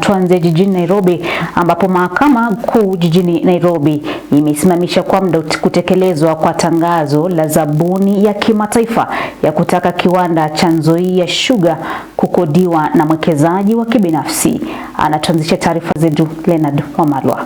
Tuanze jijini Nairobi ambapo mahakama kuu jijini Nairobi imesimamisha kwa muda kutekelezwa kwa tangazo la zabuni ya kimataifa ya kutaka kiwanda cha Nzoia Sugar kukodiwa na mwekezaji wa kibinafsi. Anatuanzisha taarifa zetu Leonard Wamalwa.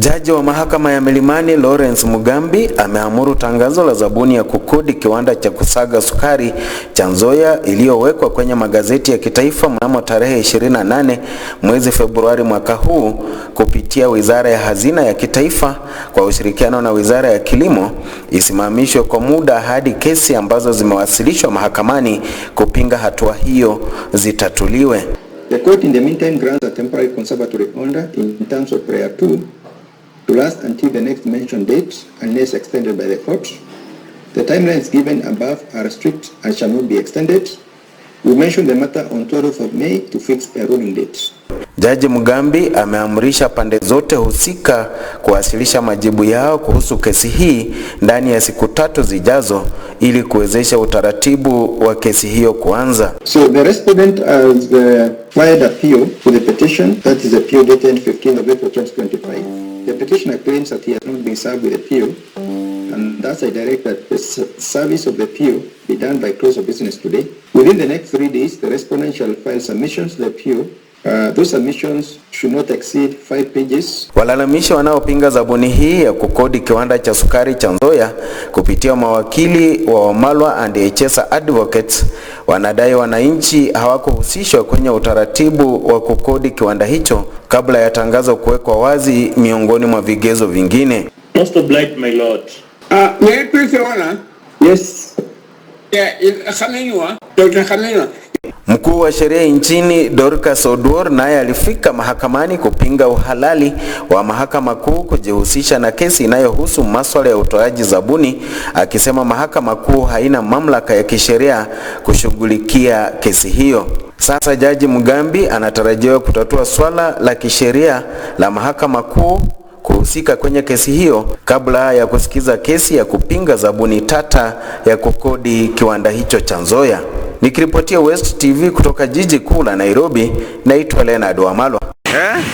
Jaji wa mahakama ya Milimani Lawrence Mugambi ameamuru tangazo la zabuni ya kukodi kiwanda cha kusaga sukari cha Nzoia iliyowekwa kwenye magazeti ya kitaifa mnamo tarehe 28 mwezi Februari mwaka huu kupitia Wizara ya Hazina ya Kitaifa kwa ushirikiano na Wizara ya Kilimo isimamishwe kwa muda hadi kesi ambazo zimewasilishwa mahakamani kupinga hatua hiyo zitatuliwe. The court in the meantime grants a temporary conservatory order in terms of prayer 2 to last until the next mentioned date unless extended by the court. The timelines given above are strict and shall not be extended. We mentioned the matter on 12th of May to fix a ruling date. Jaji Mugambi ameamrisha pande zote husika kuwasilisha majibu yao kuhusu kesi hii ndani ya siku tatu zijazo ili kuwezesha utaratibu wa kesi hiyo kuanza. So the respondent has uh, filed appeal for the petition that is appeal dated 15 of April 2025 the petitioner claims that he has not been served with a PO, and thus I direct that the service of the PO be done by close of business today. Within the next three days, the respondent shall file submissions to the PO Uh, those submissions should not exceed five pages. Walalamishi wanaopinga zabuni hii ya kukodi kiwanda cha sukari cha Nzoia kupitia mawakili wa Wamalwa and Echesa Advocates Wanadai wananchi hawakuhusishwa kwenye utaratibu wa kukodi kiwanda hicho kabla ya tangazo kuwekwa wazi miongoni mwa vigezo vingine. Most obliged, my lord. Uh, may I please, Your Honor? Yes. Yeah, Mkuu wa sheria nchini Dorcas Oduor naye alifika mahakamani kupinga uhalali wa mahakama kuu kujihusisha na kesi inayohusu masuala ya utoaji zabuni, akisema mahakama kuu haina mamlaka ya kisheria kushughulikia kesi hiyo. Sasa Jaji Mugambi anatarajiwa kutatua swala la kisheria la mahakama kuu kuhusika kwenye kesi hiyo kabla ya kusikiza kesi ya kupinga zabuni tata ya kukodi kiwanda hicho cha Nzoia. Nikiripotia West TV kutoka jiji kuu la Nairobi, naitwa Leonard Wamalwa. Eh?